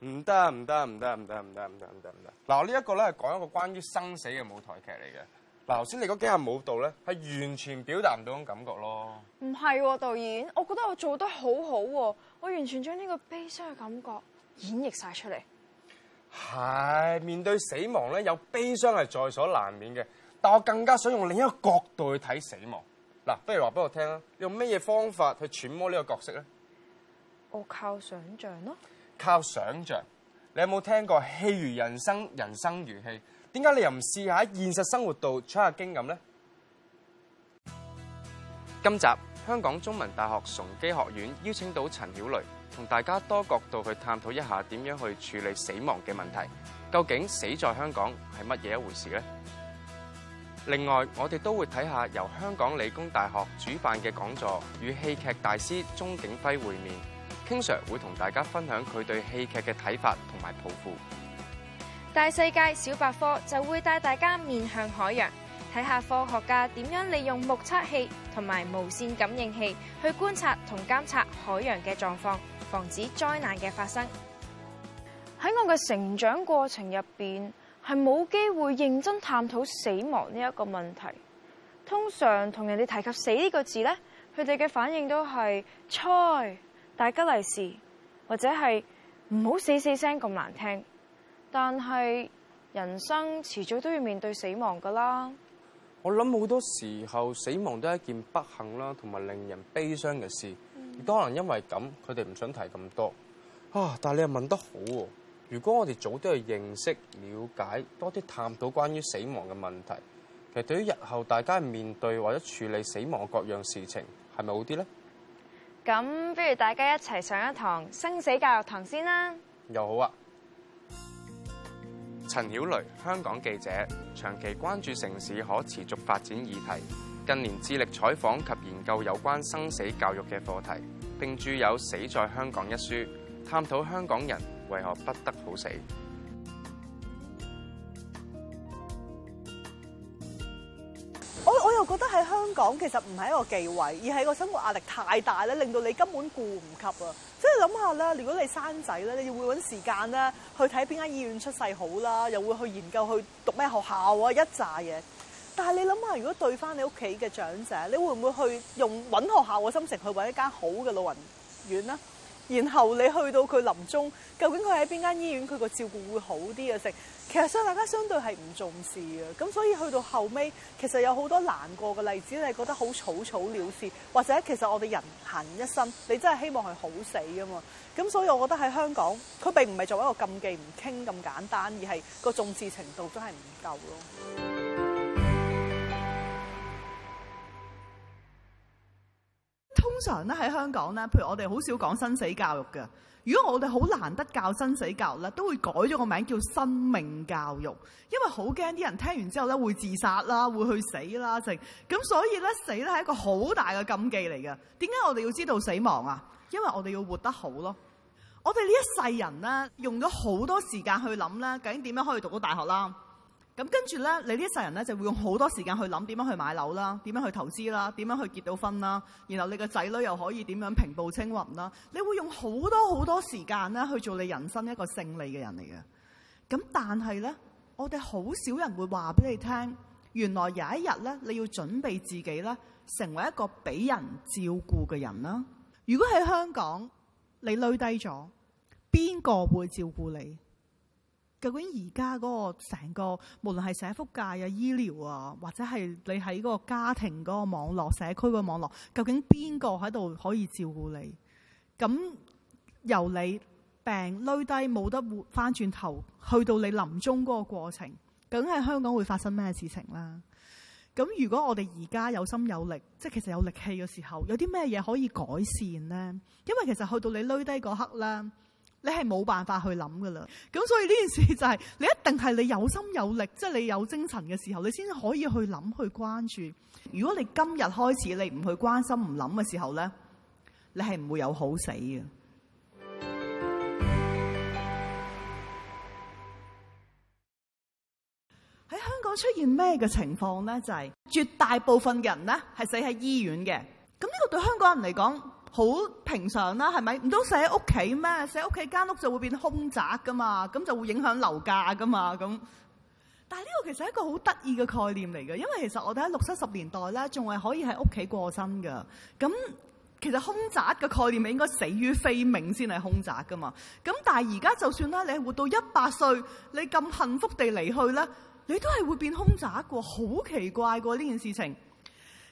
唔得，唔得，唔得，唔得，唔得，唔得，唔得，唔得！嗱，呢、這個、一個咧係講一個關於生死嘅舞台劇嚟嘅。嗱，頭先你講幾下舞蹈咧，係完全表達唔到種感覺咯。唔係。啊，導演，我覺得我做得好好，我完全將呢個悲傷嘅感覺演繹晒出嚟。係。哎、面對死亡咧，有悲傷係在所難免嘅，但我更加想用另一個角度去睇死亡。嗱，啊，不如話俾我聽啦，用咩嘢方法去揣摩呢個角色咧？我靠想象咯，靠想象。你有冇聽過戲如人生，人生如戲？點解你又唔試下喺現實生活度取下經驗呢？今集香港中文大學崇基學院邀請到陳曉蕾，同大家多角度去探討一下點樣去處理死亡嘅問題。究竟死在香港係乜嘢一回事呢？另外，我哋都會睇下由香港理工大學主辦嘅講座，與戲劇大師鍾景輝會面。經常會同大家分享佢對戲劇嘅睇法同埋抱負。大世界小百科就會帶大家面向海洋，睇下科學家點樣利用目測器同埋無線感應器去觀察同監測海洋嘅狀況，防止災難嘅發生。喺我嘅成長過程入邊，係冇機會認真探討死亡呢一個問題。通常同人哋提及死呢個字呢，佢哋嘅反應都係猜。大吉利是，或者係唔好死死聲咁難聽，但係人生遲早都要面對死亡噶啦。我諗好多時候死亡都係一件不幸啦，同埋令人悲傷嘅事。亦都、嗯、可能因為咁，佢哋唔想提咁多。啊！但係你又問得好，如果我哋早啲去認識了解，多啲探討關於死亡嘅問題，其實對於日後大家面對或者處理死亡的各樣事情，係咪好啲咧？咁，不如大家一齊上一堂生死教育堂先啦。又好啊！陳曉蕾，香港記者，長期關注城市可持續發展議題，近年致力採訪及研究有關生死教育嘅課題，並著有《死在香港》一書，探討香港人為何不得好死。我我又覺得係。講其實唔係一個忌諱，而係個生活壓力太大咧，令到你根本顧唔及啊！即係諗下啦，如果你生仔咧，你要會揾時間咧去睇邊間醫院出世好啦，又會去研究去讀咩學校啊，一扎嘢。但係你諗下，如果對翻你屋企嘅長者，你會唔會去用揾學校嘅心情去揾一間好嘅老人院呢？然後你去到佢臨終，究竟佢喺邊間醫院，佢個照顧會好啲啊？食其實相大家相對係唔重視嘅，咁所以去到後尾，其實有好多難過嘅例子，你覺得好草草了事，或者其實我哋人行一生，你真係希望佢好死㗎嘛？咁所以我覺得喺香港，佢並唔係作為一個禁忌唔傾咁簡單，而係個重視程度都係唔夠咯。通常咧喺香港咧，譬如我哋好少講生死教育嘅。如果我哋好難得教生死教育咧，都會改咗個名叫生命教育，因為好驚啲人聽完之後咧會自殺啦，會去死啦，剩咁所以咧死咧係一個好大嘅禁忌嚟嘅。點解我哋要知道死亡啊？因為我哋要活得好咯。我哋呢一世人咧用咗好多時間去諗咧，究竟點樣可以讀到大學啦？咁跟住咧，你呢一世人咧就會用好多時間去諗點樣去買樓啦，點樣去投資啦，點樣去結到婚啦，然後你個仔女又可以點樣平步青雲啦？你會用好多好多時間咧去做你人生一個勝利嘅人嚟嘅。咁但係咧，我哋好少人會話俾你聽，原來有一日咧，你要準備自己咧，成為一個俾人照顧嘅人啦。如果喺香港你累低咗，邊個會照顧你？究竟而家嗰個成個，無論係社福界啊、醫療啊，或者係你喺嗰個家庭嗰個網絡、社區嗰個網絡，究竟邊個喺度可以照顧你？咁由你病累低冇得翻轉頭，去到你臨終嗰個過程，究竟喺香港會發生咩事情啦？咁如果我哋而家有心有力，即係其實有力氣嘅時候，有啲咩嘢可以改善呢？因為其實去到你累低嗰刻啦。你係冇辦法去諗噶啦，咁所以呢件事就係你一定係你有心有力，即係你有精神嘅時候，你先可以去諗去關注。如果你今日開始你唔去關心唔諗嘅時候咧，你係唔會有好死嘅。喺 香港出現咩嘅情況咧？就係絕大部分嘅人咧係死喺醫院嘅。咁呢個對香港人嚟講，好平常啦，係咪唔都寫喺屋企咩？寫喺屋企間屋就會變空宅㗎嘛，咁就會影響樓價㗎嘛咁。但係呢個其實係一個好得意嘅概念嚟嘅，因為其實我哋喺六七十年代咧，仲係可以喺屋企過身㗎。咁其實空宅嘅概念應該死於非命先係空宅㗎嘛。咁但係而家就算啦，你係活到一百歲，你咁幸福地離去咧，你都係會變空宅喎，好奇怪喎呢件事情。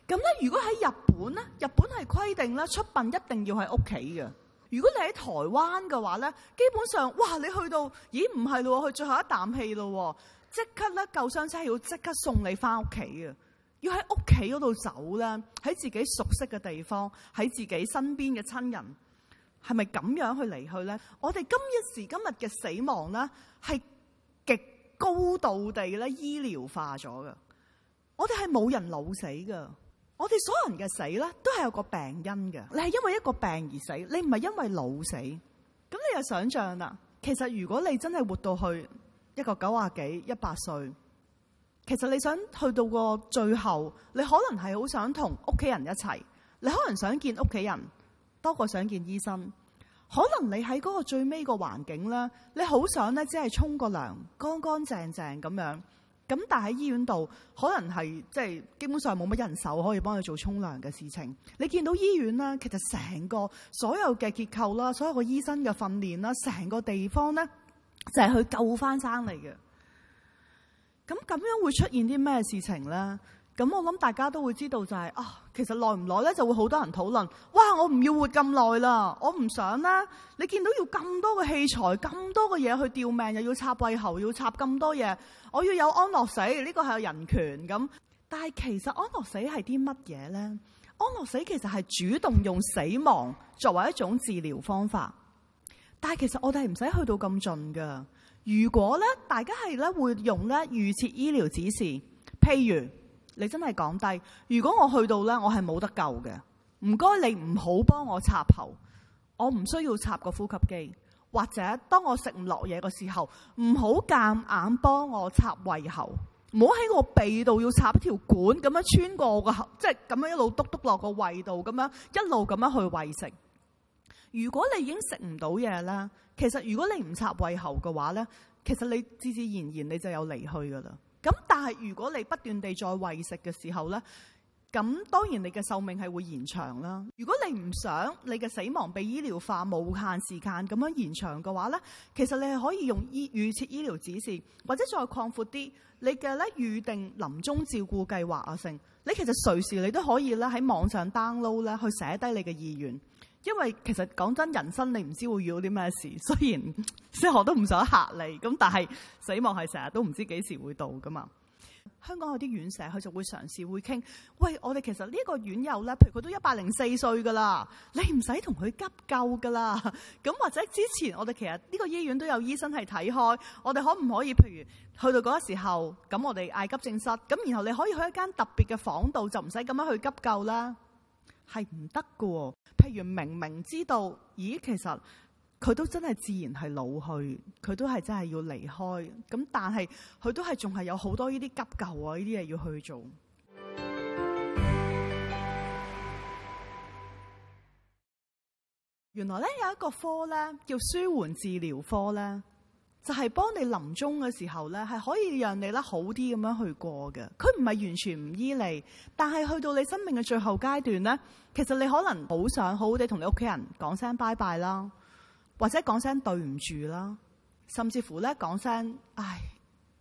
咁咧，如果喺日本咧，日本係規定咧出殯一定要喺屋企嘅。如果你喺台灣嘅話咧，基本上，哇！你去到，咦？唔係咯，去最後一啖氣咯，即刻咧救傷車要即刻送你翻屋企嘅，要喺屋企嗰度走咧，喺自己熟悉嘅地方，喺自己身邊嘅親人，係咪咁樣去離去咧？我哋今一時今日嘅死亡咧，係極高度地咧醫療化咗嘅，我哋係冇人老死嘅。我哋所有人嘅死咧，都係有個病因嘅。你係因為一個病而死，你唔係因為老死。咁你又想象啦，其實如果你真係活到去一個九啊幾、一百歲，其實你想去到個最後，你可能係好想同屋企人一齊，你可能想見屋企人多過想見醫生，可能你喺嗰個最尾個環境啦，你好想咧，只係沖個涼，乾乾淨淨咁樣。咁但喺醫院度，可能係即係基本上冇乜人手可以幫佢做沖涼嘅事情。你見到醫院啦，其實成個所有嘅結構啦，所有個醫生嘅訓練啦，成個地方咧，就係去救翻生嚟嘅。咁咁樣會出現啲咩事情咧？咁我諗大家都會知道就係啊，其實耐唔耐咧就會好多人討論哇，我唔要活咁耐啦，我唔想呢。你見到要咁多嘅器材，咁多嘅嘢，去吊命，又要插胃喉，又要插咁多嘢，我要有安樂死，呢個係有人權咁。但係其實安樂死係啲乜嘢咧？安樂死其實係主動用死亡作為一種治療方法。但係其實我哋係唔使去到咁盡噶。如果咧，大家係咧會用咧預設醫療指示，譬如。你真係講低，如果我去到呢，我係冇得救嘅。唔該，你唔好幫我插喉，我唔需要插個呼吸機，或者當我食唔落嘢嘅時候，唔好夾硬幫我插胃喉，唔好喺個鼻度要插條管咁樣穿過個喉，即係咁樣一路督督落個胃度，咁樣一路咁樣去餵食。如果你已經食唔到嘢啦，其實如果你唔插胃喉嘅話呢，其實你自自然然你就有離去噶啦。咁但係如果你不斷地在餵食嘅時候呢，咁當然你嘅壽命係會延長啦。如果你唔想你嘅死亡被醫療化無限時間咁樣延長嘅話呢，其實你係可以用醫預設醫療指示，或者再擴闊啲你嘅咧預定臨終照顧計劃啊，成你其實隨時你都可以咧喺網上 download 咧去寫低你嘅意願。因為其實講真，人生你唔知會遇到啲咩事。雖然即係我都唔想嚇你，咁但係死亡係成日都唔知幾時會到㗎嘛。香港有啲院舍，佢就會嘗試會傾，喂，我哋其實呢個院友咧，譬如佢都一百零四歲㗎喇，你唔使同佢急救㗎喇。咁或者之前我哋其實呢個醫院都有醫生係睇開，我哋可唔可以譬如去到嗰時候，咁我哋嗌急症室，咁然後你可以去一間特別嘅房度，就唔使咁樣去急救啦。係唔得㗎，譬如明明知道，咦，其實佢都真係自然係老去，佢都係真係要離開，咁但係佢都係仲係有好多呢啲急救啊，呢啲嘢要去做。原來咧有一個科咧叫舒緩治療科咧。就係幫你臨終嘅時候咧，係可以讓你咧好啲咁樣去過嘅。佢唔係完全唔依你，但係去到你生命嘅最後階段咧，其實你可能好想好好地同你屋企人講聲拜拜啦，或者講聲對唔住啦，甚至乎咧講聲唉。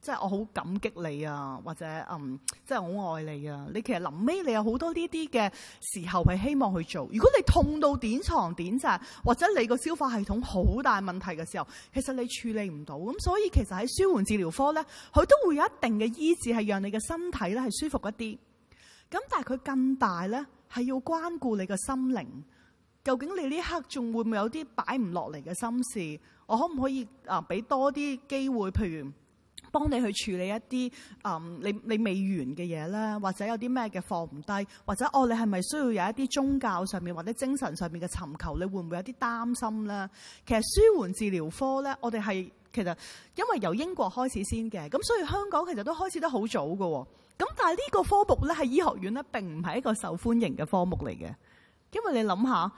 即係我好感激你啊，或者嗯，即係我好愛你啊。你其實臨尾你有好多呢啲嘅時候係希望去做。如果你痛到點床點扎，或者你個消化系統好大問題嘅時候，其實你處理唔到咁，所以其實喺舒緩治療科咧，佢都會有一定嘅醫治，係讓你嘅身體咧係舒服一啲。咁但係佢更大咧，係要關顧你嘅心靈。究竟你呢刻仲會唔會有啲擺唔落嚟嘅心事？我可唔可以啊？俾，呃，多啲機會，譬如。幫你去處理一啲、嗯、你你未完嘅嘢咧，或者有啲咩嘅放唔低，或者哦，你係咪需要有一啲宗教上面或者精神上面嘅尋求？你會唔會有啲擔心咧？其實舒緩治療科咧，我哋係其實因為由英國開始先嘅，咁所以香港其實都開始得好早㗎。咁但係呢個科目咧，喺醫學院咧並唔係一個受歡迎嘅科目嚟嘅，因為你諗下，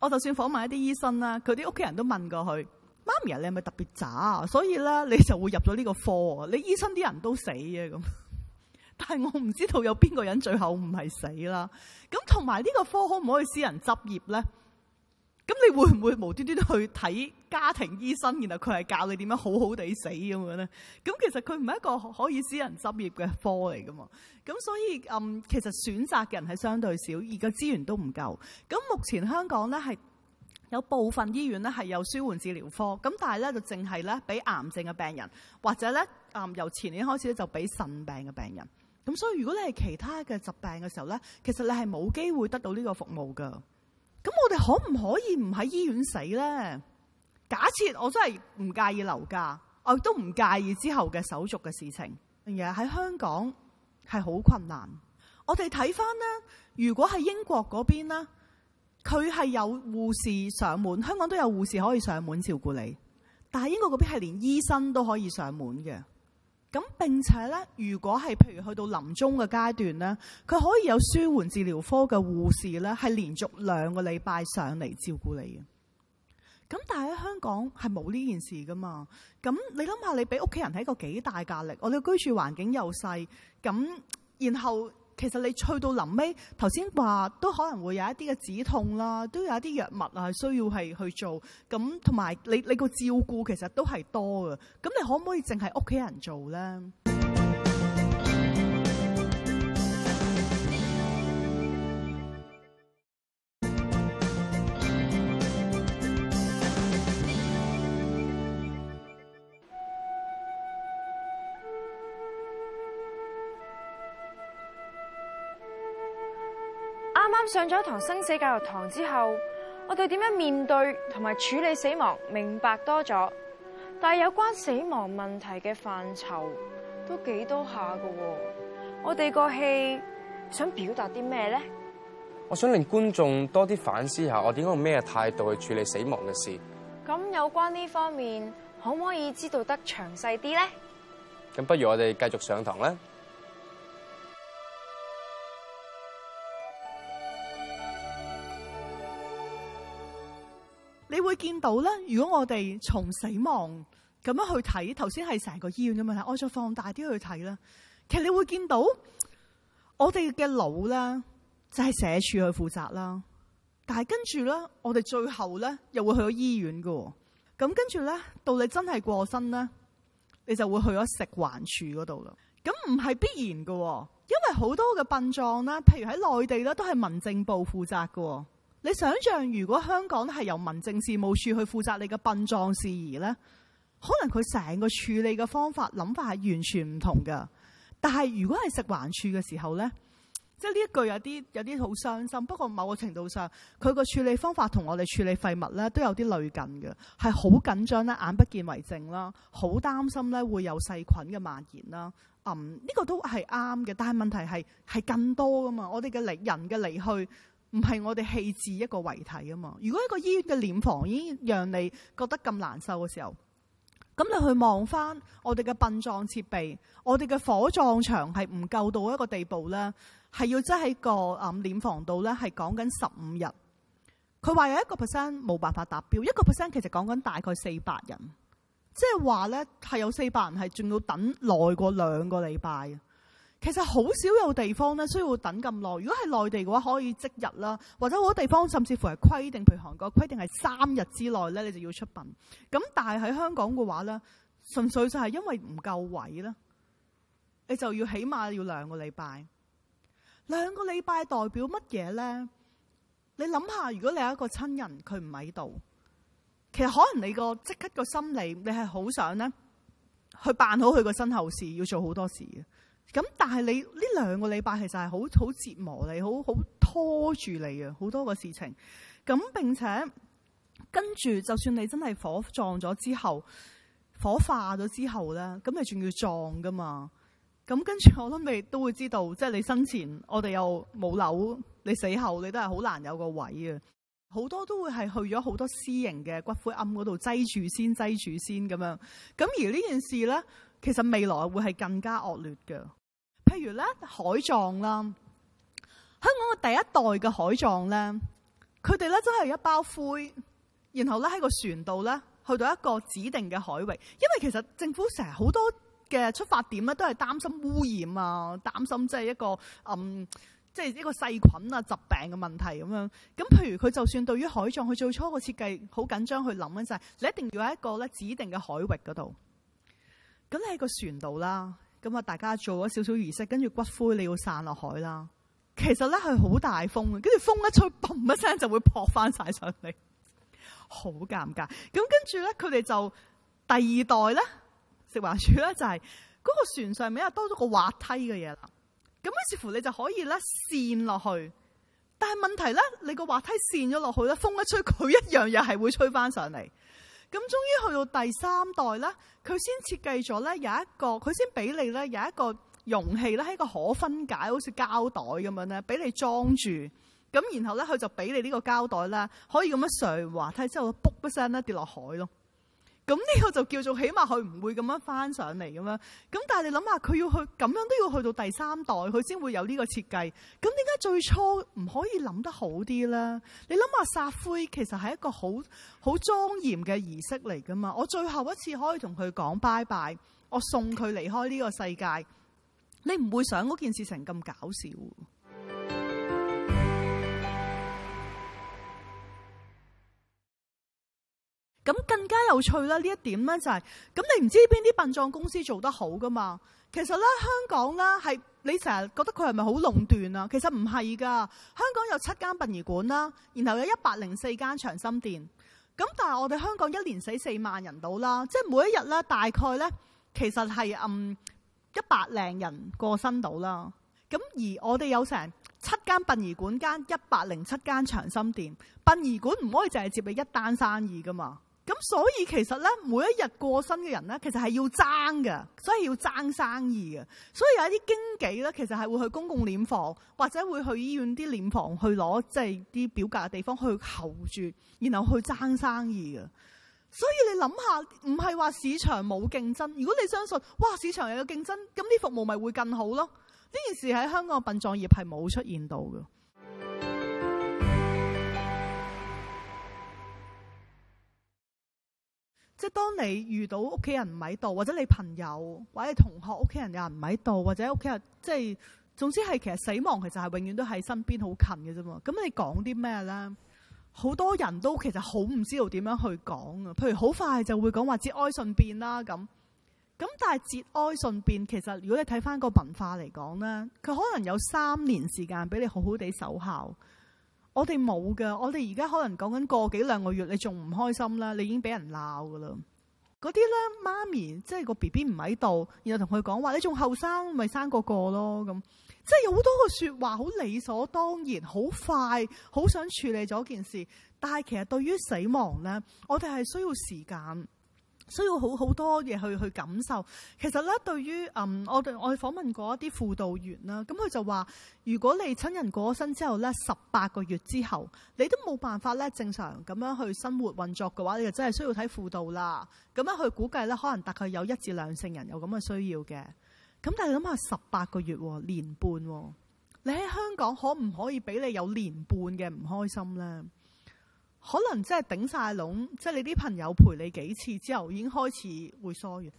我就算訪問一啲醫生啦，佢啲屋企人都問過佢。媽咪啊！你係咪特別渣啊？所以咧，你就會入咗呢個科。你醫生啲人都死嘅咁，但係我唔知道有邊個人最後唔係死啦。咁同埋呢個科可唔可以私人執業咧？咁你會唔會無端端去睇家庭醫生，然後佢係教你點樣好好地死咁樣咧？咁其實佢唔係一個可以私人執業嘅科嚟噶嘛。咁所以嗯，其實選擇嘅人係相對少，而個資源都唔夠。咁目前香港咧係。有部分醫院咧係有舒緩治療科，咁但係咧就淨係咧俾癌症嘅病人，或者咧誒由前年開始咧就俾腎病嘅病人。咁所以如果你係其他嘅疾病嘅時候咧，其實你係冇機會得到呢個服務㗎。咁我哋可唔可以唔喺醫院死咧？假設我真係唔介意留家，我亦都唔介意之後嘅手續嘅事情，而係喺香港係好困難。我哋睇翻咧，如果喺英國嗰邊咧。佢係有護士上門，香港都有護士可以上門照顧你。但係英國嗰邊係連醫生都可以上門嘅。咁並且呢，如果係譬如去到臨終嘅階段呢，佢可以有舒緩治療科嘅護士呢，係連續兩個禮拜上嚟照顧你嘅。咁但係喺香港係冇呢件事㗎嘛？咁你諗下，你俾屋企人喺個幾大壓力，我哋居住環境又細，咁然後。其實你去到臨尾，頭先話都可能會有一啲嘅止痛啦，都有一啲藥物啊需要係去做，咁同埋你你個照顧其實都係多嘅，咁你可唔可以淨係屋企人做咧？上咗堂生死教育堂之後，我哋點樣面對同埋處理死亡明白多咗，但係有關死亡問題嘅範疇都幾多下噶。我哋個戲想表達啲咩咧？我想令觀眾多啲反思下，我點解用咩態度去處理死亡嘅事。咁有關呢方面，可唔可以知道得詳細啲咧？咁不如我哋繼續上堂咧。見到咧，如果我哋從死亡咁樣去睇，頭先係成個醫院嘅問題，我再放大啲去睇啦。其實你會見到我哋嘅腦咧，就係社署去負責啦。但係跟住咧，我哋最後咧又會去咗醫院噶。咁跟住咧，到你真係過身咧，你就會去咗食環署嗰度啦。咁唔係必然噶，因為好多嘅殯葬啦，譬如喺內地咧，都係民政部負責噶你想像如果香港咧，係由民政事務署去負責你嘅殯葬事宜呢，可能佢成個處理嘅方法諗法係完全唔同嘅。但係如果係食環署嘅時候呢，即係呢一句有啲有啲好傷心。不過某個程度上，佢個處理方法同我哋處理廢物呢都有啲類近嘅，係好緊張啦，眼不見為淨啦，好擔心呢會有細菌嘅蔓延啦。嗯，呢、這個都係啱嘅，但係問題係係更多噶嘛，我哋嘅離人嘅離去。唔係我哋棄置一個遺體啊嘛！如果一個醫院嘅殮房已經讓你覺得咁難受嘅時候，咁你去望翻我哋嘅殯葬設備，我哋嘅火葬場係唔夠到一個地步咧，係要即喺個啊殮房度咧係講緊十五日。佢話有一個 percent 冇辦法達標，一個 percent 其實講緊大概四百人，即係話咧係有四百人係仲要等耐過兩個禮拜。其實好少有地方咧需要等咁耐。如果係內地嘅話，可以即日啦，或者好多地方甚至乎係規定，譬如韓國規定係三日之內咧，你就要出殯。咁但係喺香港嘅話咧，純粹就係因為唔夠位啦，你就要起碼要兩個禮拜。兩個禮拜代表乜嘢咧？你諗下，如果你有一個親人佢唔喺度，其實可能你個即刻個心理你係好想咧去辦好佢個身後事，要做好多事嘅。咁但係你呢兩個禮拜其實係好好折磨你，好好拖住你啊！好多個事情，咁並且跟住，就算你真係火葬咗之後，火化咗之後咧，咁你仲要葬噶嘛？咁跟住我諗你都會知道，即係你生前我哋又冇樓，你死後你都係好難有個位啊！好多都會係去咗好多私營嘅骨灰龕嗰度擠住先，擠住先咁樣。咁而呢件事咧。其實未來會係更加惡劣嘅，譬如咧海葬啦，香港嘅第一代嘅海葬咧，佢哋咧真係一包灰，然後咧喺個船度咧去到一個指定嘅海域，因為其實政府成日好多嘅出發點咧都係擔心污染啊，擔心即係一個嗯，即係一個細菌啊疾病嘅問題咁樣。咁譬如佢就算對於海葬，佢最初嘅設計好緊張去諗緊，就係你一定要喺一個咧指定嘅海域嗰度。咁你喺個船度啦，咁啊大家做咗少少儀式，跟住骨灰你要散落海啦。其實咧係好大風，跟住風一吹，嘣一聲就會撲翻晒上嚟，好尷尬。咁跟住咧，佢哋就第二代咧，食環署咧就係嗰個船上面又多咗個滑梯嘅嘢啦。咁咧似乎你就可以咧扇落去，但係問題咧，你個滑梯扇咗落去咧，風一吹，佢一樣又係會吹翻上嚟。咁終於去到第三代咧，佢先設計咗咧有一個，佢先俾你咧有一個容器咧，係一個可分解好似膠袋咁樣咧，俾你裝住。咁然後咧，佢就俾你呢個膠袋呢，可以咁樣上滑梯之後卜一聲咧跌落海咯。咁呢個就叫做起碼佢唔會咁樣翻上嚟咁樣，咁但係你諗下佢要去咁樣都要去到第三代，佢先會有呢個設計。咁點解最初唔可以諗得好啲咧？你諗下撒灰其實係一個好好莊嚴嘅儀式嚟噶嘛。我最後一次可以同佢講拜拜，我送佢離開呢個世界，你唔會想嗰件事情咁搞笑。咁更加有趣啦！呢一點咧就係、是，咁你唔知邊啲殯葬公司做得好噶嘛？其實咧，香港咧係你成日覺得佢係咪好壟斷啊？其實唔係噶，香港有七間殯儀館啦，然後有一百零四間長生店。咁但係我哋香港一年死四萬人到啦，即係每一日咧大概咧其實係嗯一百零人過身到啦。咁而我哋有成七間殯儀館間一百零七間長生店，殯儀館唔可以淨係接你一單生意噶嘛？咁所以其實咧，每一日過身嘅人咧，其實係要爭嘅，所以要爭生意嘅。所以有一啲經紀咧，其實係會去公共殮房，或者會去醫院啲殮房去攞，即係啲表格嘅地方去候住，然後去爭生意嘅。所以你諗下，唔係話市場冇競爭。如果你相信，哇，市場有個競爭，咁啲服務咪會更好咯。呢件事喺香港殯葬業係冇出現到嘅。即係當你遇到屋企人唔喺度，或者你朋友或者同學屋企人又唔喺度，或者屋企人，即係總之係其實死亡其實係永遠都喺身邊好近嘅啫嘛。咁你講啲咩咧？好多人都其實好唔知道點樣去講啊。譬如好快就會講話節哀順變啦咁。咁但係節哀順變其實如果你睇翻個文化嚟講咧，佢可能有三年時間俾你好好地守孝。我哋冇噶，我哋而家可能講緊過幾兩個月，你仲唔開心啦？你已經俾人鬧噶啦，嗰啲咧，媽咪即係個 BB 唔喺度，然後同佢講話，你仲後生，咪生個個咯咁，即係有好多個說話好理所當然，好快，好想處理咗件事，但係其實對於死亡咧，我哋係需要時間。需要好好多嘢去去感受。其實咧，對於嗯，我我訪問過一啲輔導員啦，咁佢就話：如果你親人過咗身之後咧，十八個月之後，你都冇辦法咧正常咁樣去生活運作嘅話，你就真係需要睇輔導啦。咁樣去估計咧，可能大概有一至兩成人有咁嘅需要嘅。咁但係你諗下，十八個月喎，年半喎，你喺香港可唔可以俾你有年半嘅唔開心咧？可能真係頂晒籠，即係你啲朋友陪你幾次之後已經開始會疏遠。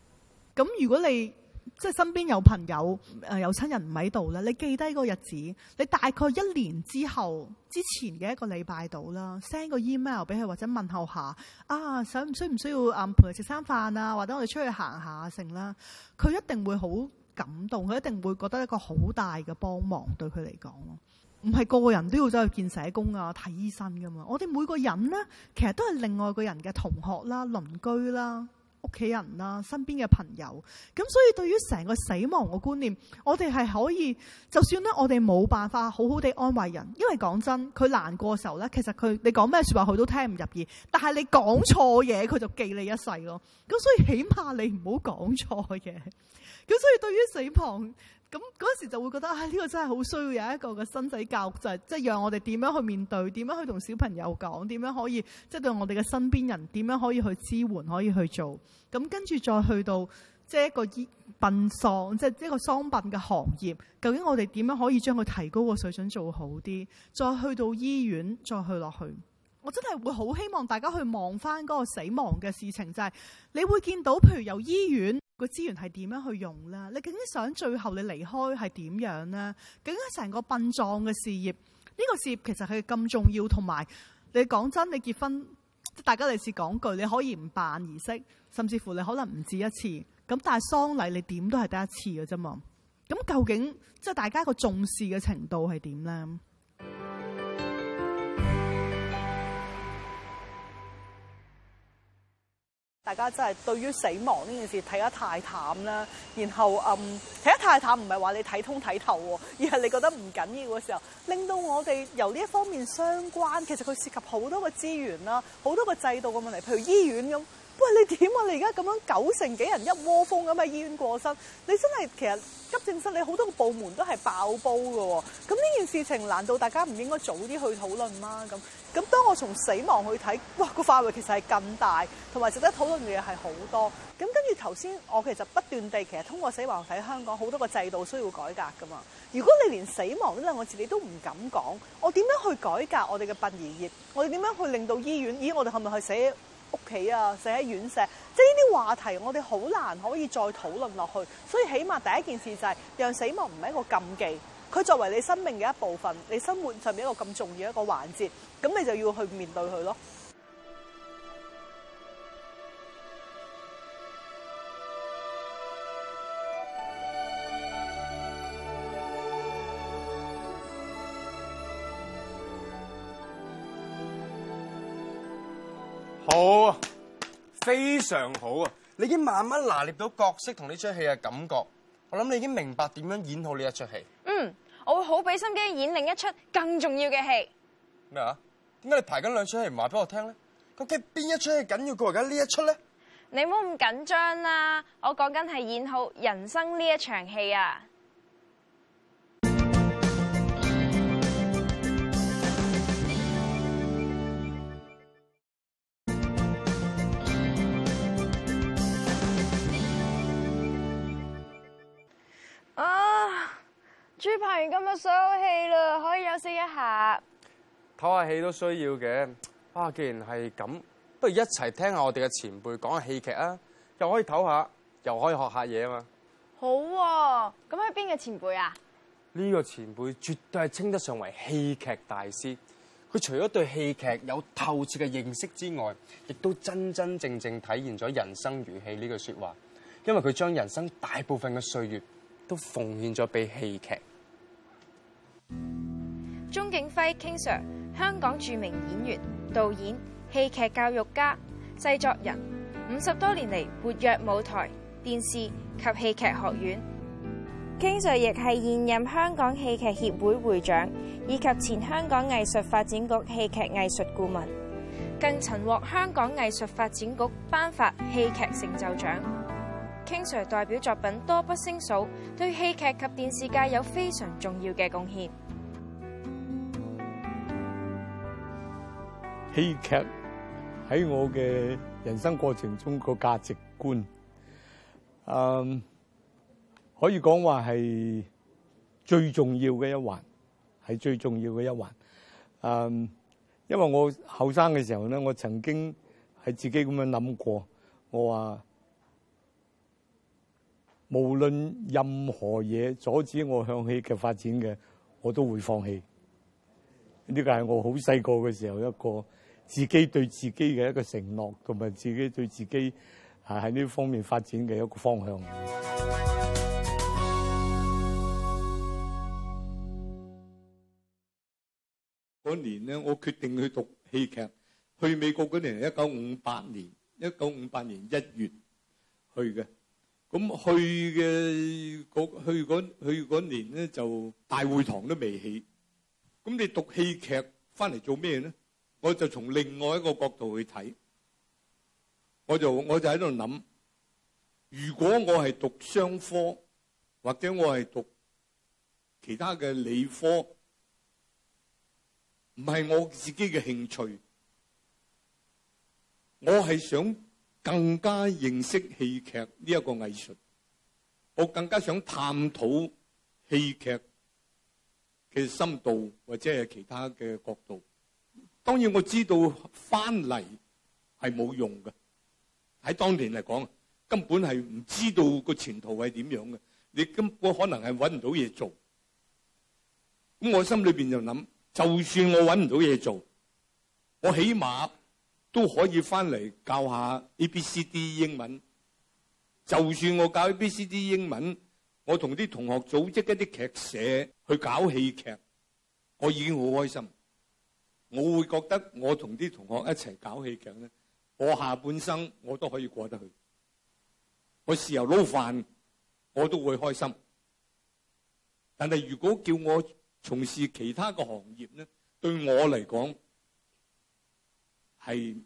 咁如果你即係身邊有朋友有親人唔喺度啦，你記低個日子，你大概一年之後之前嘅一個禮拜到啦，send 個 email 俾佢或者問候下。啊，想需唔需要陪佢食餐飯啊，或者我哋出去行下成啦。佢一定會好感動，佢一定會覺得一個好大嘅幫忙對佢嚟講咯。唔係個個人都要走去見社工啊、睇醫生㗎嘛。我哋每個人呢，其實都係另外個人嘅同學啦、鄰居啦、屋企人啦、身邊嘅朋友。咁所以對於成個死亡嘅觀念，我哋係可以，就算咧我哋冇辦法好好地安慰人，因為講真，佢難過時候呢，其實佢你講咩說話佢都聽唔入耳。但係你講錯嘢，佢就記你一世咯。咁所以起碼你唔好講錯嘢。咁所以對於死亡。咁嗰時就會覺得啊，呢、哎呢個真係好需要有一個嘅生死教育就係，即係讓我哋點樣去面對，點樣去同小朋友講，點樣可以即係、就是、對我哋嘅身邊人，點樣可以去支援，可以去做。咁跟住再去到即係、就是、一個殯喪，即、就、係、是、一個喪殯嘅行業，究竟我哋點樣可以將佢提高個水準做好啲？再去到醫院，再去落去，我真係會好希望大家去望翻嗰個死亡嘅事情，就係、是、你會見到，譬如由醫院。個資源係點樣去用咧？你究竟想最後你離開係點樣咧？究竟成個殯葬嘅事業，呢個事業其實係咁重要，同埋你講真，你結婚即大家嚟試講句，你可以唔辦儀式，甚至乎你可能唔止一次，咁但係喪禮你點都係得一次嘅啫嘛。咁究竟即係大家個重視嘅程度係點咧？大家真係對於死亡呢件事睇得太淡啦，然後嗯睇得太淡唔係話你睇通睇透喎，而係你覺得唔緊要嘅時候，令到我哋由呢一方面相關，其實佢涉及好多個資源啦，好多個制度嘅問題，譬如醫院咁。喂，你點啊？你而家咁樣九成幾人一窩蜂咁喺醫院過身，你真係其實急症室你好多個部門都係爆煲㗎喎。咁呢件事情難道大家唔應該早啲去討論嗎？咁咁當我從死亡去睇，哇個範圍其實係咁大，同埋值得討論嘅嘢係好多。咁跟住頭先，我其實不斷地其實通過死亡睇香港，好多個制度需要改革㗎嘛。如果你連死亡呢兩個字你都唔敢講，我點樣去改革我哋嘅殯儀業？我哋點樣去令到醫院？咦，我哋係咪去死？屋企啊，死喺院舍，即係呢啲話題，我哋好難可以再討論落去，所以起碼第一件事就係讓死亡唔係一個禁忌，佢作為你生命嘅一部分，你生活上面一個咁重要一個環節，咁你就要去面對佢咯。好，啊，oh, 非常好啊！你已經慢慢拿捏到角色同呢出戲嘅感覺，我諗你已經明白點樣演好呢一出戲。嗯，我會好俾心機演另一出更重要嘅戲。咩啊？點解你排緊兩出戲唔話俾我聽咧？究竟邊一出戲緊要過而家呢一出咧？你唔好咁緊張啦，我講緊係演好人生呢一場戲啊！朱拍完今日所有戲啦，可以休息一下。唞下氣都需要嘅。啊，既然係咁，不如一齊聽下我哋嘅前輩講下戲劇啊，又可以唞下，又可以學下嘢啊嘛。好，咁係邊個嘅前輩啊？呢個前輩、啊、絕對係稱得上為戲劇大師。佢除咗對戲劇有透徹嘅認識之外，亦都真真正正體現咗人生如戲呢句說話，因為佢將人生大部分嘅歲月都奉獻咗俾戲劇。鍾景輝 King Sir，香港著名演員、導演、戲劇教育家、製作人，五十多年嚟活躍舞台、電視及戲劇學院。King Sir 亦係現任香港戲劇協會會長以及前香港藝術發展局戲劇藝術顧問，更曾獲香港藝術發展局頒發戲劇成就獎。King Sir 代表作品多不勝數，對戲劇及電視界有非常重要嘅貢獻。戲劇喺我嘅人生過程中個價值觀，誒，可以講話係最重要嘅一環，係最重要嘅一環。誒，因為我後生嘅時候咧，我曾經係自己咁樣諗過，我話無論任何嘢阻止我向戲劇發展嘅，我都會放棄。呢個係我好細個嘅時候一個自己對自己嘅一個承諾，同埋自己對自己啊喺呢方面發展嘅一個方向。嗰年咧，我決定去讀戲劇，去美國嗰年係一九五八年，一九五八年一月去嘅。咁去嘅去嗰去嗰年咧，就大會堂都未起。咁你讀戲劇翻嚟做咩呢？我就從另外一個角度去睇，我就我就喺度諗，如果我係讀商科或者我係讀其他嘅理科，唔係我自己嘅興趣，我係想更加認識戲劇呢一個藝術，我更加想探討戲劇。嘅深度或者係其他嘅角度，當然我知道翻嚟係冇用㗎。喺當年嚟講，根本係唔知道個前途係點樣嘅。你根本可能係揾唔到嘢做。咁我心裏面就諗，就算我揾唔到嘢做，我起碼都可以翻嚟教下 A、B、C、D 英文。就算我教 A、B、C、D 英文。我同啲同學組織一啲劇社去搞戲劇，我已經好開心。我會覺得我同啲同學一齊搞戲劇咧，我下半生我都可以過得去。我豉油撈飯我都會開心。但係如果叫我從事其他嘅行業咧，對我嚟講係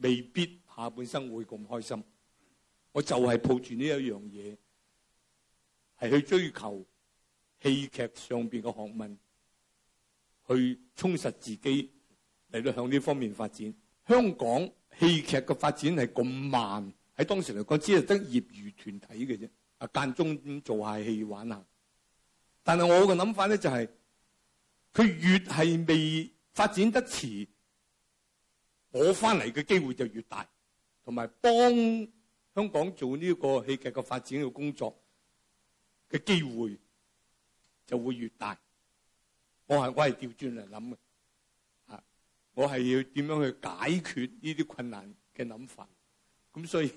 未必下半生會咁開心。我就係抱住呢一樣嘢。係去追求戲劇上邊嘅學問，去充實自己嚟到向呢方面發展。香港戲劇嘅發展係咁慢，喺當時嚟講，只係得業餘團體嘅啫，啊間中做下戲玩下。但係我嘅諗法咧就係、是，佢越係未發展得遲，我翻嚟嘅機會就越大，同埋幫香港做呢個戲劇嘅發展嘅工作。嘅機會就會越大，我係我係調轉嚟諗嘅，啊，我係要點樣去解決呢啲困難嘅諗法。咁所以，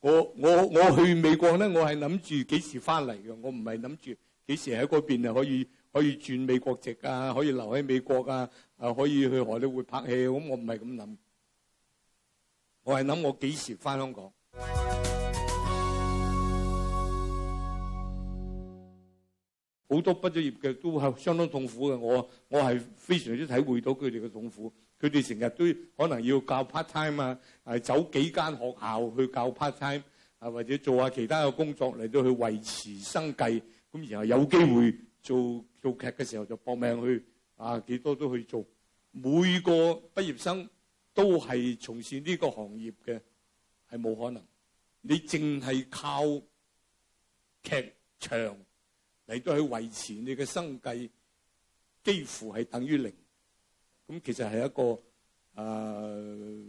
我我我去美國咧，我係諗住幾時翻嚟嘅，我唔係諗住幾時喺嗰邊啊可以可以轉美國籍啊，可以留喺美國啊，啊可以去荷里活拍戲，咁我唔係咁諗，我係諗我幾時翻香港。好多畢咗業嘅都係相當痛苦嘅，我我係非常之體會到佢哋嘅痛苦。佢哋成日都可能要教 part time 啊，走幾間學校去教 part time 啊，或者做下其他嘅工作嚟到去維持生計。咁然後有機會做做劇嘅時候就搏命去啊，幾多都去做。每個畢業生都係從事呢個行業嘅，係冇可能。你淨係靠劇場。你都去維持你嘅生計，幾乎係等於零。咁其實係一個誒，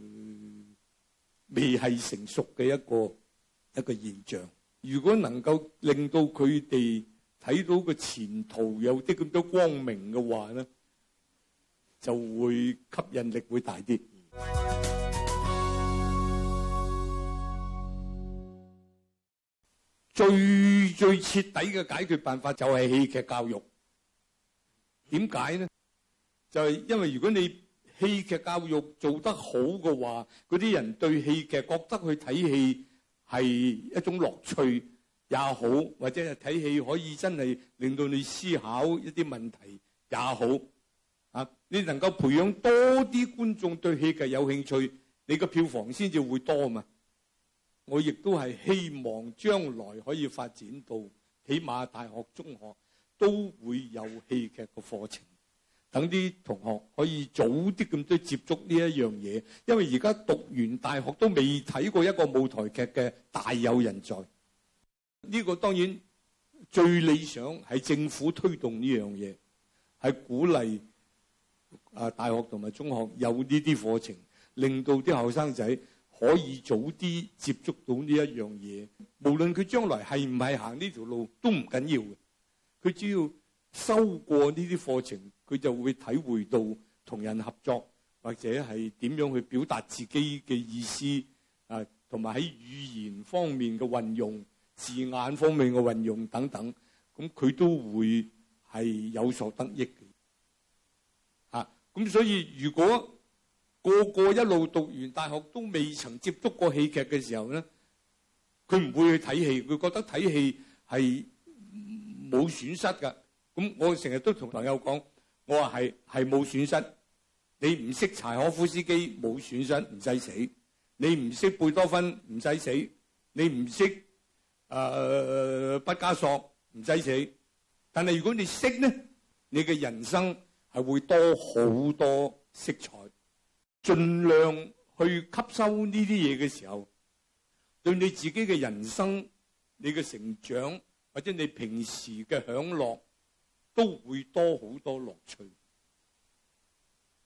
未係成熟嘅一個一個現象。如果能夠令到佢哋睇到個前途有啲咁多光明嘅話咧，就會吸引力會大啲。最最徹底嘅解決辦法就係戲劇教育。點解呢？就係因為如果你戲劇教育做得好嘅話，嗰啲人對戲劇覺得去睇戲係一種樂趣也好，或者係睇戲可以真係令到你思考一啲問題也好。啊，你能夠培養多啲觀眾對戲劇有興趣，你個票房先至會多嘛。我亦都係希望將來可以發展到起碼大學、中學都會有戲劇嘅課程，等啲同學可以早啲咁多接觸呢一樣嘢。因為而家讀完大學都未睇過一個舞台劇嘅大有人在。呢個當然最理想係政府推動呢樣嘢，係鼓勵啊大學同埋中學有呢啲課程，令到啲後生仔，可以早啲接觸到呢一樣嘢，無論佢將來係唔係行呢條路都唔緊要嘅。佢只要修過呢啲課程，佢就會體會到同人合作或者係點樣去表達自己嘅意思啊，同埋喺語言方面嘅運用、字眼方面嘅運用等等，咁佢都會係有所得益嘅。嚇、啊！咁所以如果個個一路讀完大學都未曾接觸過戲劇嘅時候咧，佢唔會去睇戲，佢覺得睇戲係冇損失㗎。咁我成日都同朋友講，我話係係冇損失。你唔識柴可夫斯基冇損失，唔使死；你唔識貝多芬唔使死，你唔識誒畢加索唔使死。但係如果你識呢，你嘅人生係會多好多色彩。盡量去吸收呢啲嘢嘅時候，對你自己嘅人生、你嘅成長或者你平時嘅享樂，都會多好多樂趣。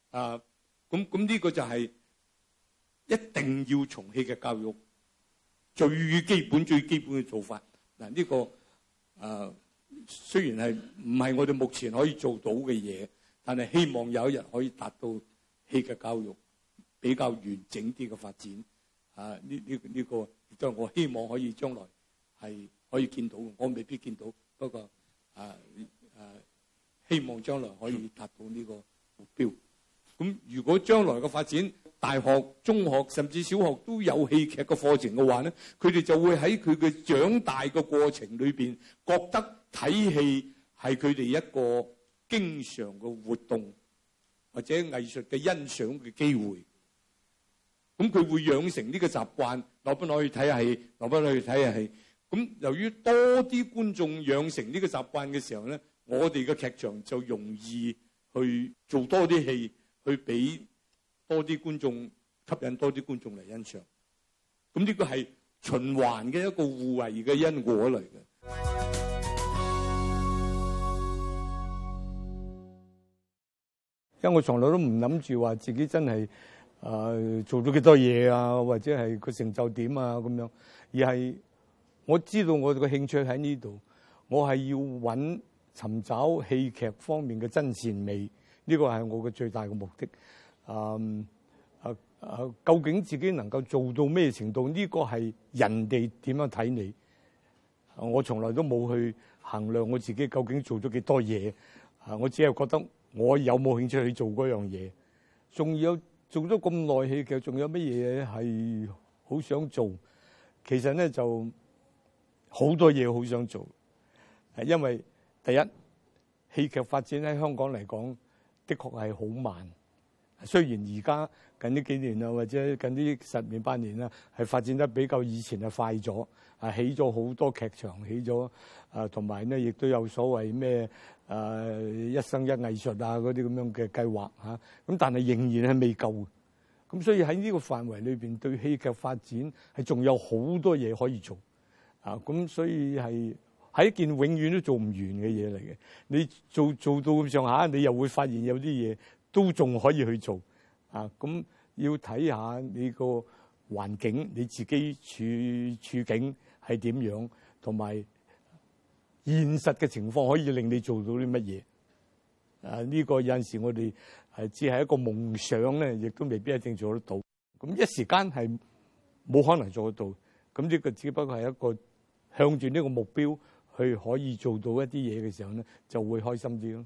啊，咁咁呢個就係一定要從戲嘅教育最基本最基本嘅做法。嗱、啊、呢、呢個啊，雖然係唔係我哋目前可以做到嘅嘢，但係希望有一日可以達到戲嘅教育比較完整啲嘅發展，啊呢呢呢個亦都係、這個、我希望可以將來係可以見到，我未必見到，不過啊啊希望將來可以達到呢個目標。咁如果將來嘅發展，大學、中學甚至小學都有戲劇嘅課程嘅話咧，佢哋就會喺佢嘅長大嘅過程裏邊，覺得睇戲係佢哋一個經常嘅活動，或者藝術嘅欣賞嘅機會。咁佢會養成呢個習慣，留番落去睇下戲，留番落去睇下戲。咁由於多啲觀眾養成呢個習慣嘅時候咧，我哋嘅劇場就容易去做多啲戲，去俾多啲觀眾，吸引多啲觀眾嚟欣賞。咁呢個係循環嘅一個互為嘅因果嚟嘅。因為我從來都唔諗住話自己真係。誒，做咗幾多嘢啊？或者係佢成就點啊？咁樣而係我知道我嘅興趣喺呢度，我係要揾尋找戲劇方面嘅真善美，呢個係我嘅最大嘅目的。誒、嗯啊啊、究竟自己能夠做到咩程度？呢個係人哋點樣睇你？我從來都冇去衡量我自己究竟做咗幾多嘢。啊，我只係覺得我有冇興趣去做嗰樣嘢，仲做咗咁耐戲劇，仲有乜嘢係好想做？其實咧就好多嘢好想做，係因為第一戲劇發展喺香港嚟講的確係好慢。雖然而家近呢幾年啊，或者近呢十年八年啊，係發展得比較以前係啊快咗，係起咗好多劇場，起咗啊，同埋咧亦都有所謂咩啊一生一藝術啊嗰啲咁樣嘅計劃嚇，咁、啊、但係仍然係未夠，咁所以喺呢個範圍裏邊對戲劇發展係仲有好多嘢可以做啊，咁所以係係一件永遠都做唔完嘅嘢嚟嘅。你做做到咁上下，你又會發現有啲嘢。都仲可以去做啊！咁要睇下你個環境，你自己處處境係點樣，同埋現實嘅情況可以令你做到啲乜嘢？啊，呢個有陣時我哋係、啊、只係一個夢想咧，亦都未必一定做得到。咁一時間係冇可能做得到，咁呢個只不過係一個向住呢個目標去可以做到一啲嘢嘅時候咧，就會開心啲咯。